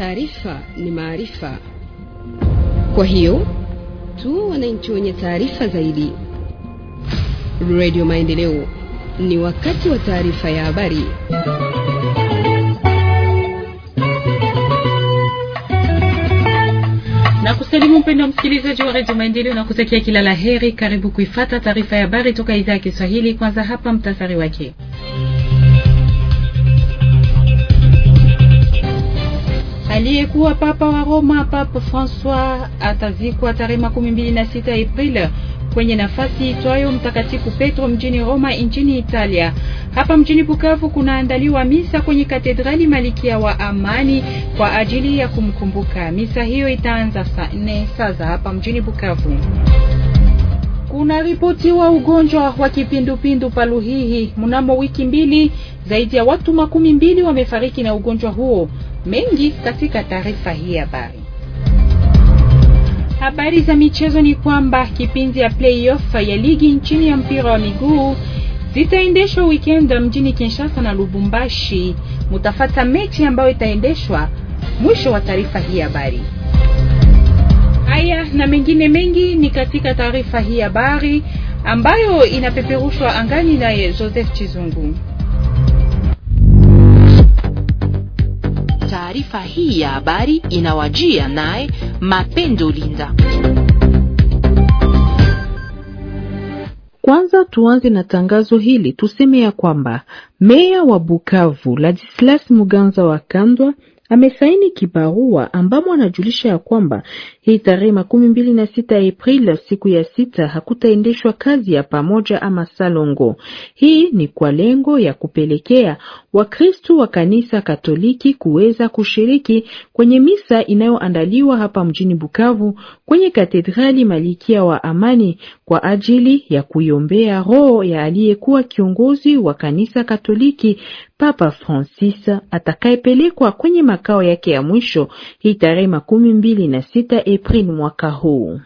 taarifa ni maarifa. Kwa hiyo tu wananchi wenye taarifa zaidi. Radio Maendeleo, ni wakati wa taarifa ya habari. mpendo mpendwa msikilizaji wa redio Maendeleo na kutakia kila la heri. Karibu kuifata taarifa ya habari toka idhaa ya Kiswahili. Kwanza hapa mtasari wake Aliyekuwa papa wa Roma Papa Francois atazikwa tarehe makumi mbili na sita Aprili kwenye nafasi itwayo Mtakatifu Petro mjini Roma nchini Italia. Hapa mjini Bukavu kunaandaliwa misa kwenye katedrali Malikia wa Amani kwa ajili ya kumkumbuka. Misa hiyo itaanza saa nne saa za hapa mjini Bukavu. wa ugonjwa wa kipindupindu paluhihi Mnamo wiki mbili, zaidi ya watu makumi mbili wamefariki na ugonjwa huo mengi katika taarifa hii habari. Habari za michezo ni kwamba kipindi ya playoff ya ligi nchini ya mpira wa miguu zitaendeshwa weekend mjini Kinshasa na Lubumbashi. Mutafata mechi ambayo itaendeshwa. Mwisho wa taarifa hii habari. Haya na mengine mengi ni katika taarifa hii habari ambayo inapeperushwa angani naye Joseph Chizungu. Taarifa hii ya habari inawajia naye Mapendo Linda. Kwanza tuanze na tangazo hili, tuseme ya kwamba meya wa Bukavu Ladislas Muganza wa Kandwa amesaini kibarua ambamo anajulisha ya kwamba hii tarehe makumi mbili na sita Aprili siku ya sita hakutaendeshwa kazi ya pamoja ama salongo. Hii ni kwa lengo ya kupelekea Wakristu wa kanisa Katoliki kuweza kushiriki kwenye misa inayoandaliwa hapa mjini Bukavu kwenye katedrali Malikia wa Amani kwa ajili ya kuiombea roho ya aliyekuwa kiongozi wa kanisa Katoliki Papa Francis atakayepelekwa kwenye makao yake ya mwisho hii tarehe makumi mbili na sita Aprili mwaka huu.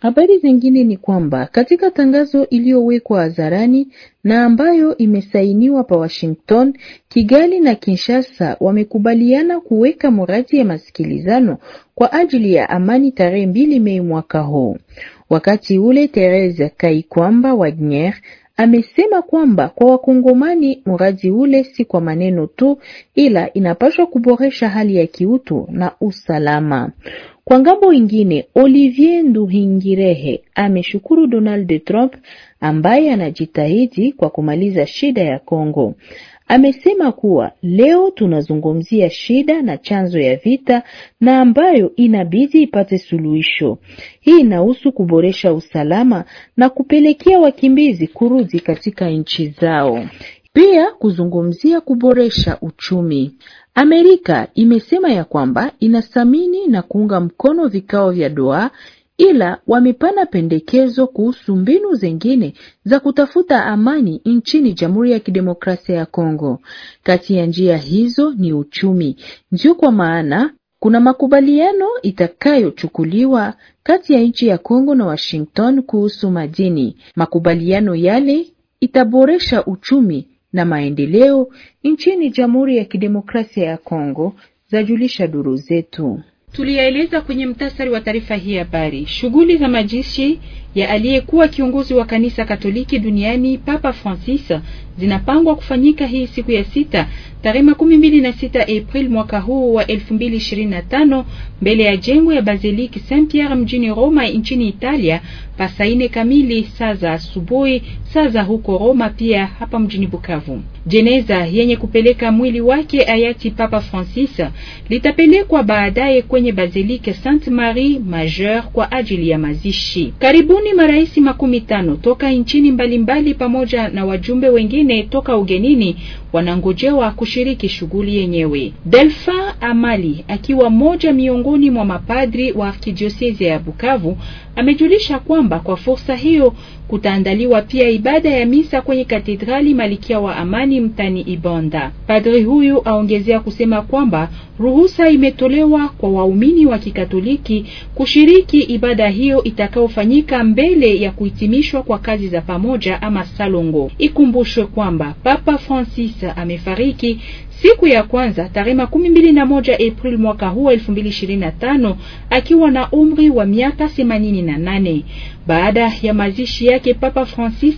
Habari zingine ni kwamba katika tangazo iliyowekwa hadharani na ambayo imesainiwa pa Washington, Kigali na Kinshasa wamekubaliana kuweka muradi ya masikilizano kwa ajili ya amani tarehe mbili Mei mwaka huu. Wakati ule Therese Kaikwamba Wagner Amesema kwamba kwa Wakongomani mradi ule si kwa maneno tu, ila inapaswa kuboresha hali ya kiutu na usalama. Kwa ngambo ingine, Olivier Nduhingirehe ameshukuru Donald Trump ambaye anajitahidi kwa kumaliza shida ya Kongo. Amesema kuwa leo tunazungumzia shida na chanzo ya vita na ambayo inabidi ipate suluhisho. Hii inahusu kuboresha usalama na kupelekea wakimbizi kurudi katika nchi zao. Pia kuzungumzia kuboresha uchumi. Amerika imesema ya kwamba inathamini na kuunga mkono vikao vya Doha ila wamepana pendekezo kuhusu mbinu zingine za kutafuta amani nchini Jamhuri ya Kidemokrasia ya Kongo. Kati ya njia hizo ni uchumi. Ndio kwa maana kuna makubaliano itakayochukuliwa kati ya nchi ya Kongo na Washington kuhusu madini. Makubaliano yale itaboresha uchumi na maendeleo nchini Jamhuri ya Kidemokrasia ya Kongo, zajulisha duru zetu tuliyaeleza kwenye mtasari wa taarifa hii habari. Shughuli za majeshi ya aliyekuwa kiongozi wa kanisa Katoliki duniani Papa Francis zinapangwa kufanyika hii siku ya sita tarehe makumi mbili na sita April mwaka huu wa 2025 mbele ya jengo ya basilique Saint Pierre mjini Roma nchini Italia pasaine kamili saa za asubuhi saa za huko Roma, pia hapa mjini Bukavu. Jeneza yenye kupeleka mwili wake hayati Papa Francis litapelekwa baadaye kwenye basilique Sainte Marie Majeure kwa ajili ya mazishi karibu Karibuni marais makumi tano toka nchini mbalimbali pamoja na wajumbe wengine toka ugenini wanangojewa kushiriki shughuli yenyewe. Delfa Amali akiwa mmoja miongoni mwa mapadri wa arkidiosezi ya Bukavu amejulisha kwamba kwa fursa hiyo Kutaandaliwa pia ibada ya misa kwenye katedrali Malikia wa Amani mtani Ibonda. Padri huyu aongezea kusema kwamba ruhusa imetolewa kwa waumini wa Kikatoliki kushiriki ibada hiyo itakayofanyika mbele ya kuhitimishwa kwa kazi za pamoja ama salongo. Ikumbushwe kwamba Papa Francis amefariki siku ya kwanza tarehe makumi mbili na moja Aprili mwaka huu elfu mbili ishirini na tano akiwa na umri wa miaka themanini na nane. Baada ya mazishi yake Papa Francis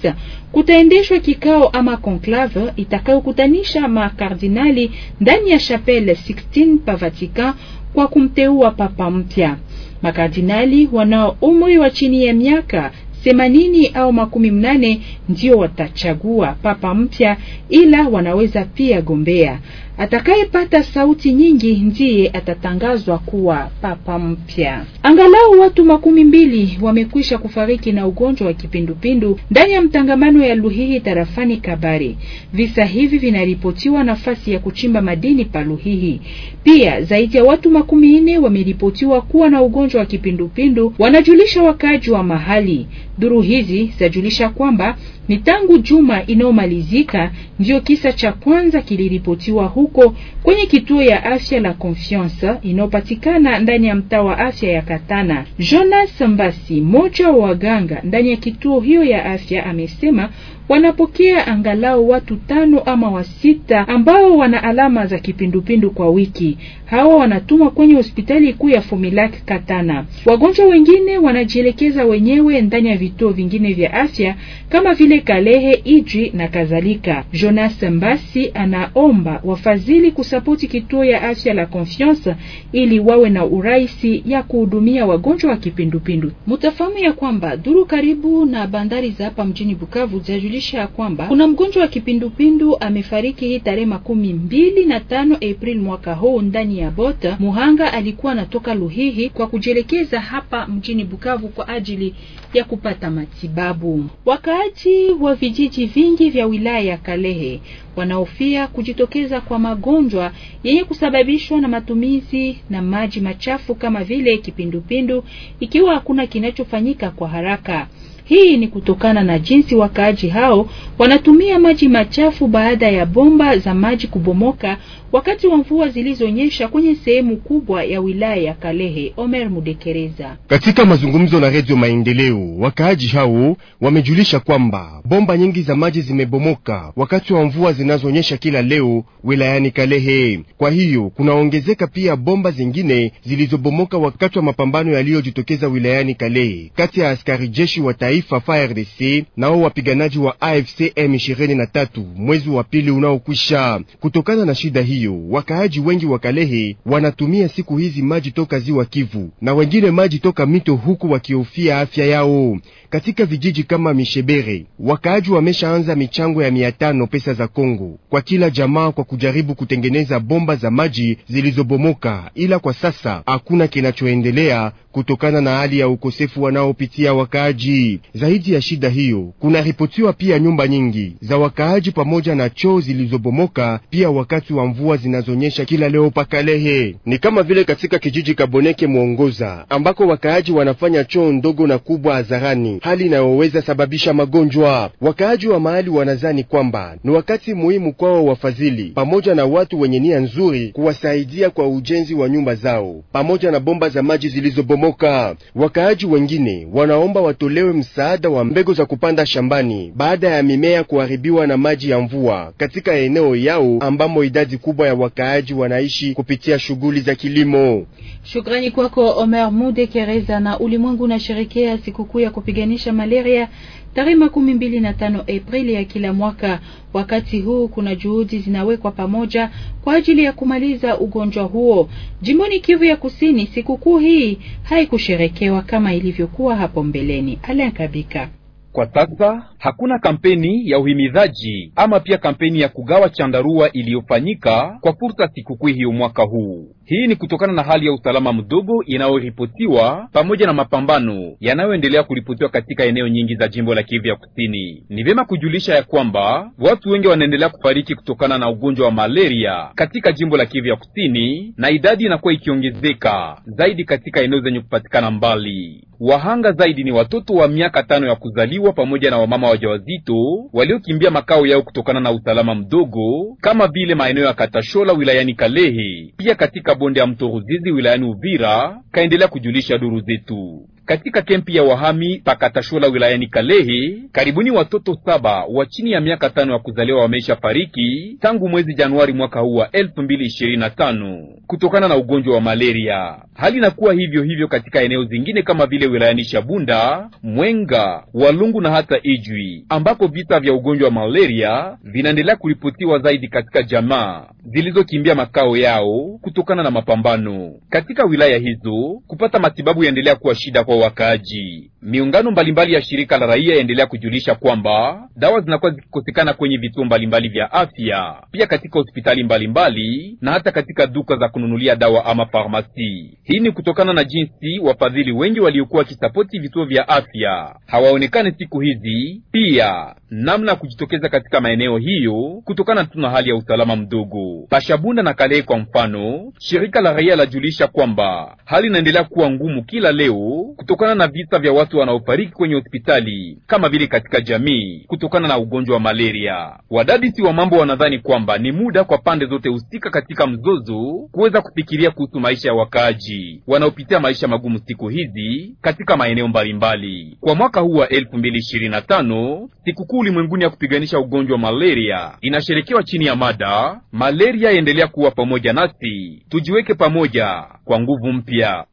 kutaendeshwa kikao ama conclave itakayokutanisha makardinali ndani ya Chapelle Sixtine pa Vatican kwa kumteua papa mpya. Makardinali wanao umri wa chini ya miaka themanini au makumi mnane ndio watachagua papa mpya, ila wanaweza pia gombea Atakayepata sauti nyingi ndiye atatangazwa kuwa papa mpya. Angalau watu makumi mbili wamekwisha kufariki na ugonjwa wa kipindupindu ndani ya mtangamano ya Luhihi tarafani Kabare. Visa hivi vinaripotiwa nafasi ya kuchimba madini pa Luhihi. Pia zaidi ya watu makumi nne wameripotiwa kuwa na ugonjwa wa kipindupindu, wanajulisha wakaaji wa mahali. Duru hizi zajulisha kwamba ni tangu juma inayomalizika ndiyo kisa cha kwanza kiliripotiwa huko kwenye kituo ya afya la Confiance inayopatikana ndani ya mtaa wa afya ya Katana. Jonas Mbasi, mmoja wa waganga ndani ya kituo hiyo ya afya, amesema wanapokea angalau watu tano ama wasita ambao wana alama za kipindupindu kwa wiki. Hawa wanatumwa kwenye hospitali kuu ya Fumilac Katana. Wagonjwa wengine wanajielekeza wenyewe ndani ya vituo vingine vya afya kama vile Kalehe, Iji na kadhalika. Jonas Mbasi anaomba wafadhili kusapoti kituo ya afya la Confiance ili wawe na urahisi ya kuhudumia wagonjwa wa kipindupindu. Mutafahamu ya kwamba duru karibu na bandari za hapa mjini Bukavu kujulisha ya kwamba kuna mgonjwa wa kipindupindu amefariki hii tarehe makumi mbili na tano april mwaka huu ndani ya Bota. Muhanga alikuwa anatoka Luhihi kwa kujielekeza hapa mjini Bukavu kwa ajili ya kupata matibabu. Wakaaji wa vijiji vingi vya wilaya ya Kalehe wanaofia kujitokeza kwa magonjwa yenye kusababishwa na matumizi na maji machafu kama vile kipindupindu, ikiwa hakuna kinachofanyika kwa haraka. Hii ni kutokana na jinsi wakaaji hao wanatumia maji machafu baada ya bomba za maji kubomoka wakati wa mvua zilizonyesha kwenye sehemu kubwa ya wilaya ya Kalehe. Omer Mudekereza, katika mazungumzo na Redio Maendeleo, wakaaji hao wamejulisha kwamba bomba nyingi za maji zimebomoka wakati wa mvua zinazonyesha kila leo wilayani Kalehe. Kwa hiyo kunaongezeka pia bomba zingine zilizobomoka wakati wa mapambano yaliyojitokeza wilayani Kalehe kati ya askari jeshi wa taifa FARDC nao wapiganaji wa AFC M23 mwezi wa pili unaokwisha. Kutokana na shida hii hiyo wakaaji wengi wa Kalehe wanatumia siku hizi maji toka ziwa Kivu na wengine maji toka mito, huku wakihofia afya yao katika vijiji kama Mishebere. Wakaaji wameshaanza michango ya mia tano pesa za Kongo kwa kila jamaa kwa kujaribu kutengeneza bomba za maji zilizobomoka, ila kwa sasa hakuna kinachoendelea kutokana na hali ya ukosefu wanaopitia wakaaji. Zaidi ya shida hiyo, kunaripotiwa pia nyumba nyingi za wakaaji pamoja na choo zilizobomoka pia wakati wa mvua zinazonyesha kila leo pakalehe. Ni kama vile katika kijiji Kaboneke Mwongoza ambako wakaaji wanafanya choo ndogo na kubwa hadharani hali inayoweza sababisha magonjwa. Wakaaji wa mahali wanazani kwamba ni wakati muhimu kwao wafadhili pamoja na watu wenye nia nzuri kuwasaidia kwa ujenzi wa nyumba zao pamoja na bomba za maji zilizobomoka. Wakaaji wengine wanaomba watolewe msaada wa mbegu za kupanda shambani baada ya mimea kuharibiwa na maji ya mvua katika eneo yao ambamo idadi kubwa ya wakaaji wanaishi kupitia shughuli za kilimo. Shukrani kwako Omer Kereza. Na ulimwengu unasherekea sikukuu ya kupigania kupiganisha malaria tarehe makumi mbili na tano Aprili ya kila mwaka. Wakati huu kuna juhudi zinawekwa pamoja kwa ajili ya kumaliza ugonjwa huo jimboni Kivu ya Kusini. Sikukuu hii haikusherekewa kama ilivyokuwa hapo mbeleni. Alain Kabika. Kwa sasa hakuna kampeni ya uhimizaji ama pia kampeni ya kugawa chandarua iliyofanyika kwa fursa sikukuu hiyo mwaka huu. Hii ni kutokana na hali ya usalama mdogo inayoripotiwa pamoja na mapambano yanayoendelea kuripotiwa katika eneo nyingi za jimbo la Kivu ya Kusini. Ni vyema kujulisha ya kwamba watu wengi wanaendelea kufariki kutokana na ugonjwa wa malaria katika jimbo la Kivu ya Kusini, na idadi inakuwa ikiongezeka zaidi katika eneo zenye kupatikana mbali. Wahanga zaidi ni watoto wa miaka tano ya kuzaliwa pamoja na wamama wajawazito waliokimbia makao yao kutokana na usalama mdogo, kama vile maeneo ya Katashola wilayani Kalehe, pia katika katika bonde ya mto Ruzizi wilayani Uvira, kaendelea kujulisha duru zetu. Katika kempi ya wahami Pakatashola wilayani Kalehe, karibuni watoto saba wa chini ya miaka tano ya kuzaliwa wameisha fariki tangu mwezi Januari mwaka huu wa 2025 kutokana na ugonjwa wa malaria. Hali inakuwa hivyo hivyo katika eneo zingine kama vile wilayani Shabunda, Mwenga, Walungu na hata Ijwi ambako visa vya ugonjwa wa malaria vinaendelea kuripotiwa zaidi katika jamaa zilizokimbia makao yao kutokana na mapambano katika wilaya hizo. Kupata matibabu yaendelea kuwa shida kwa wakaaji. Miungano mbalimbali ya shirika la raia yaendelea kujulisha kwamba dawa zinakuwa zikikosekana kwenye vituo mbalimbali vya afya, pia katika hospitali mbalimbali na hata katika duka za kununulia dawa ama farmasi. Hii ni kutokana na jinsi wafadhili wengi waliokuwa wakisapoti vituo vya afya hawaonekani siku hizi pia namna ya kujitokeza katika maeneo hiyo kutokana tu na hali ya usalama mdogo. Pashabunda na Kalehe kwa mfano, shirika la raia lajulisha kwamba hali inaendelea kuwa ngumu kila leo kutokana na visa vya watu wanaofariki kwenye hospitali kama vile katika jamii kutokana na ugonjwa wa malaria. Wadadisi wa mambo wanadhani kwamba ni muda kwa pande zote husika katika mzozo kuweza kufikiria kuhusu maisha ya wakaaji wanaopitia maisha magumu siku hizi katika maeneo mbalimbali. Kwa mwaka huu wa 2025 sikukuu ulimwenguni ya kupiganisha ugonjwa wa malaria inasherekewa chini ya mada malaria yaendelea kuwa pamoja nasi, tujiweke pamoja kwa nguvu mpya.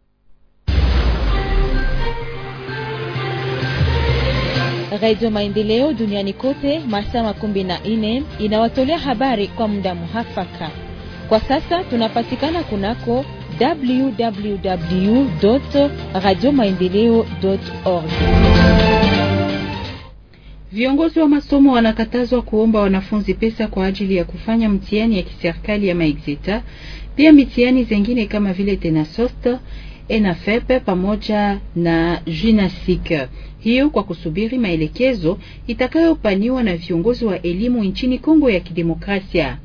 Radio Maendeleo duniani kote masaa makumi na nne inawatolea habari kwa muda muhafaka. Kwa sasa tunapatikana kunako www radio maendeleo org Viongozi wa masomo wanakatazwa kuomba wanafunzi pesa kwa ajili ya kufanya mtihani ya kiserikali ya maexita, pia mitihani zengine kama vile tenasost enafepe pamoja na jinasike, hiyo kwa kusubiri maelekezo itakayopaniwa na viongozi wa elimu nchini Kongo ya Kidemokrasia.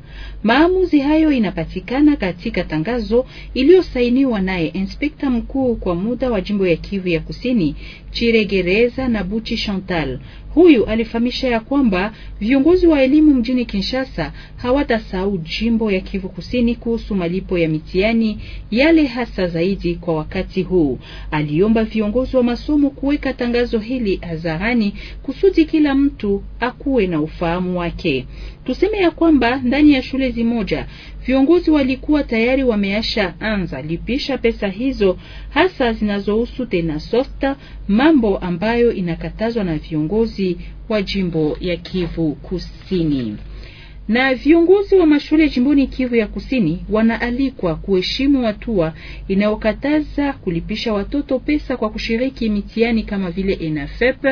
Maamuzi hayo inapatikana katika tangazo iliyosainiwa naye inspekta mkuu kwa muda wa jimbo ya Kivu ya Kusini Chiregereza na Buchi Chantal. Huyu alifahamisha ya kwamba viongozi wa elimu mjini Kinshasa hawatasahau jimbo ya Kivu Kusini kuhusu malipo ya mitihani yale hasa zaidi kwa wakati huu. Aliomba viongozi wa masomo kuweka tangazo hili hadharani kusudi kila mtu akuwe na ufahamu wake. Tuseme ya kwamba ndani ya shule zimoja. Viongozi walikuwa tayari wameasha anza lipisha pesa hizo hasa zinazohusu tena softa, mambo ambayo inakatazwa na viongozi wa jimbo ya Kivu Kusini na viongozi wa mashule jimboni Kivu ya Kusini wanaalikwa kuheshimu hatua inayokataza kulipisha watoto pesa kwa kushiriki mitihani kama vile ENAFEP,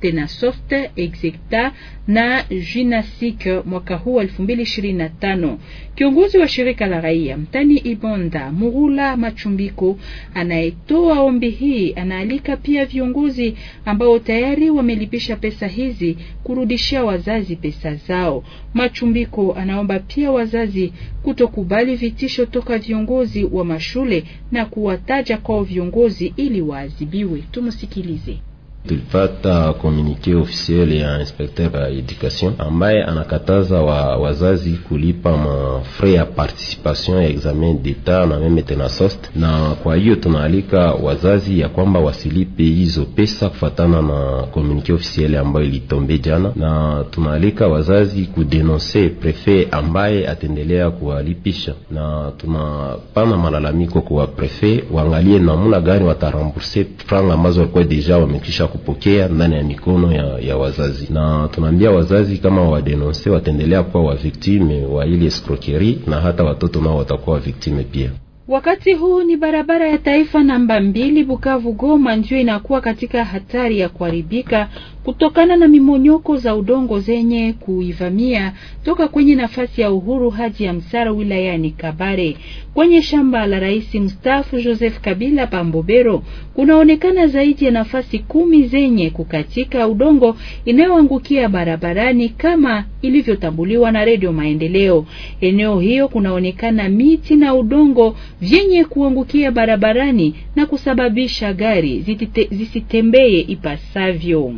TENASOFT, EXECTA na JINASIC mwaka huu 2025. Kiongozi wa shirika la raia mtani Ibonda Murula Machumbiko anayetoa ombi hii anaalika pia viongozi ambao tayari wamelipisha pesa hizi kurudishia wazazi pesa zao. Machumbiko mafuriko. Anaomba pia wazazi kutokubali vitisho toka viongozi wa mashule na kuwataja kwao viongozi ili waadhibiwe. Tumsikilize. Tulipata komunike officiel ya inspecteur ya education ambaye anakataza wa wazazi kulipa mafrais ya participation ya examen d'etat na meme tena sost. Na kwa hiyo tunaalika wazazi ya kwamba wasilipe hizo pesa kufatana na komunike officiel ambayo ilitombe jana, na tunaalika wazazi kudenonse prefet ambaye atendelea kuwalipisha, na tunapana malalamiko kwa prefet waangalie namuna gani wataramburse franga ambazo walikuwa deja wamekisha kupokea ndani ya mikono ya, ya wazazi, na tunaambia wazazi kama wadenonse wataendelea kuwa waviktime wa ile escroquerie na hata watoto nao watakuwa waviktime pia. Wakati huu ni barabara ya taifa namba mbili Bukavu Goma, ndio inakuwa katika hatari ya kuharibika kutokana na mimonyoko za udongo zenye kuivamia toka kwenye nafasi ya uhuru haji ya Msara wilayani Kabare. Kwenye shamba la rais mstaafu Joseph Kabila Pambobero kunaonekana zaidi ya nafasi kumi zenye kukatika udongo inayoangukia barabarani kama ilivyotambuliwa na Redio Maendeleo. Eneo hiyo kunaonekana miti na udongo vyenye kuangukia barabarani na kusababisha gari zisitembee ipasavyo.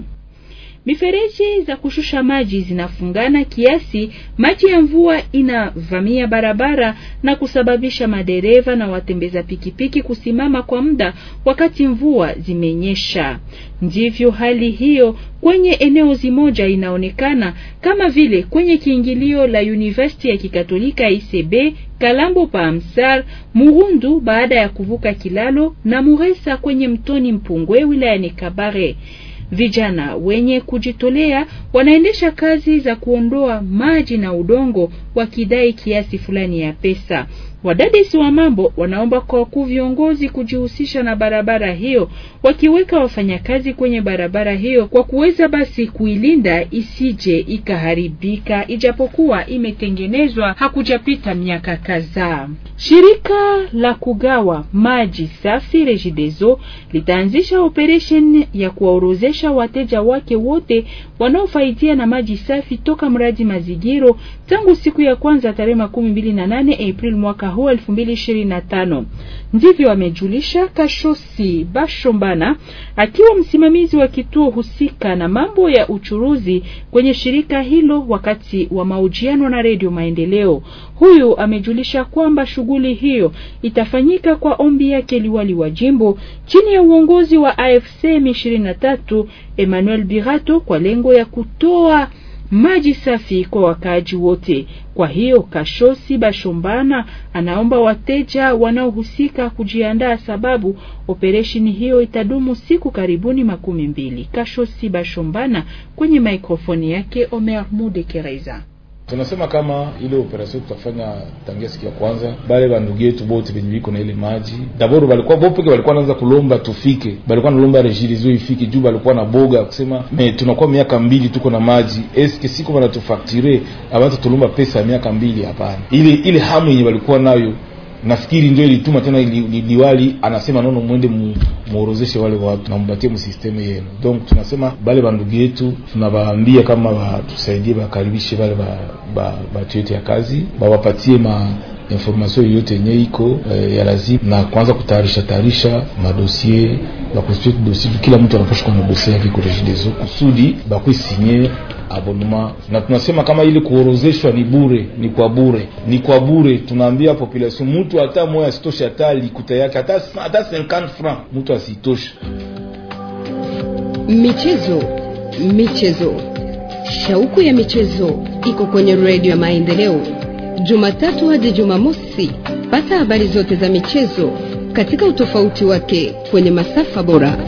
Mifereji za kushusha maji zinafungana kiasi maji ya mvua inavamia barabara na kusababisha madereva na watembeza pikipiki kusimama kwa muda wakati mvua zimenyesha. Ndivyo hali hiyo kwenye eneo zimoja inaonekana kama vile kwenye kiingilio la University ya Kikatolika ICB Kalambo pa Amsar, Murundu baada ya kuvuka kilalo na Muresa kwenye mtoni Mpungwe wilayani Kabare. Vijana wenye kujitolea wanaendesha kazi za kuondoa maji na udongo wakidai kiasi fulani ya pesa. Wadadisi wa mambo wanaomba kwa wakuu viongozi kujihusisha na barabara hiyo, wakiweka wafanyakazi kwenye barabara hiyo kwa kuweza basi kuilinda isije ikaharibika, ijapokuwa imetengenezwa hakujapita miaka kadhaa. Shirika la kugawa maji safi Regideso litaanzisha operesheni ya kuwaorozesha wateja wake wote wanaofaidia na maji safi toka mradi Mazigiro tangu siku ya kwanza tarehe makumi mbili na nane Aprili mwaka huu elfu mbili ishirini na tano. Ndivyo wamejulisha Kashosi Bashombana akiwa msimamizi wa kituo husika na mambo ya uchuruzi kwenye shirika hilo wakati wa mahojiano na Redio Maendeleo. Huyu amejulisha kwamba shughuli hiyo itafanyika kwa ombi yake liwali wa jimbo chini ya uongozi wa AFC M23 Emmanuel Birato kwa lengo ya kutoa maji safi kwa wakaaji wote. Kwa hiyo Kashosi Bashombana anaomba wateja wanaohusika kujiandaa, sababu operesheni hiyo itadumu siku karibuni makumi mbili. Kashosi Bashombana kwenye mikrofoni yake Omer Mudekereza tunasema kama ile operation tutafanya tangia siku ya kwanza, bale bandugu yetu bote benye biko na ile maji dabor walikuwa bopeke, walikuwa naanza kulomba tufike, balikuwa nalomba rejirizo ifike juu, balikuwa na boga kusema me tunakuwa miaka mbili tuko na maji, eske siko wanatufaktire abantu tulomba pesa ya miaka mbili? Hapana, ile ile hamu yenye walikuwa nayo nafikiri ndio ilituma tena liwali anasema nono, mwende muorozeshe wale watu na mupatie msisteme yenu. Donc tunasema bale bandugu yetu tunabaambia kama watusaidie, bakaribishe bale ba, ba, ba yetu ya kazi bawapatie ma information yote yenye iko e, ya lazima na kuanza kutayarisha tayarisha madosie bakuspie dosie, kila mtu anapasha kuwa na dosie yake kurejidezo kusudi sinye abonnement na tunasema kama ili kuorozeshwa ni bure, ni kwa bure, ni kwa bure. Tunaambia population mtu hata moya asitoshe, hata likuta yake hata 50 franc mtu asitoshe. Michezo, michezo, shauku ya michezo iko kwenye redio ya maendeleo Jumatatu hadi Jumamosi. Pata habari zote za michezo katika utofauti wake kwenye masafa bora.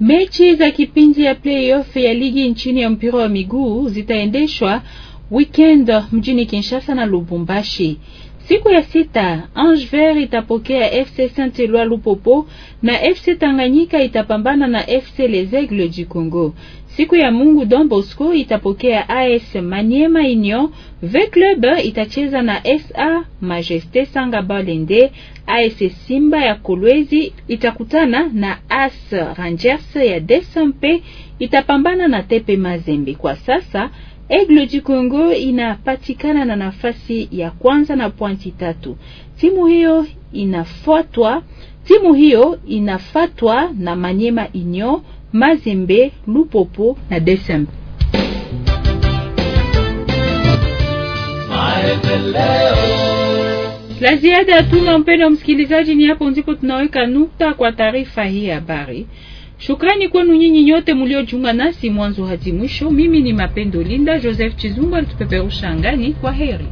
Mechi za kipindi ya playoff ya ligi nchini ya mpira wa miguu zitaendeshwa weekend mjini Kinshasa na Lubumbashi. Siku ya sita Vert itapokea FC Saint Eloi Lupopo na FC Tanganyika itapambana na FC Les Aigles du Congo. Siku ya Mungu Don Bosco itapokea AS Maniema Union, V Club itacheza na SA Majesté Sanga Balende, AS Simba ya Kolwezi itakutana na AS Rangers ya Desampe itapambana na Tepe Mazembe. Kwa sasa Aigle du Congo inapatikana na nafasi ya kwanza na pointi tatu. Timu hiyo inafuatwa, timu hiyo inafuatwa na Manyema Union Mazembe, Lupopo na Desem. La ziada hatuna, mpendo msikilizaji, ni hapo ndipo tunaweka nukta kwa taarifa hii habari. Shukrani kwenu nyinyi nyote mliojiunga nasi mwanzo hadi mwisho. Mimi ni Mapendo Linda Joseph Chizumba, alitupeperusha angani. Kwa heri.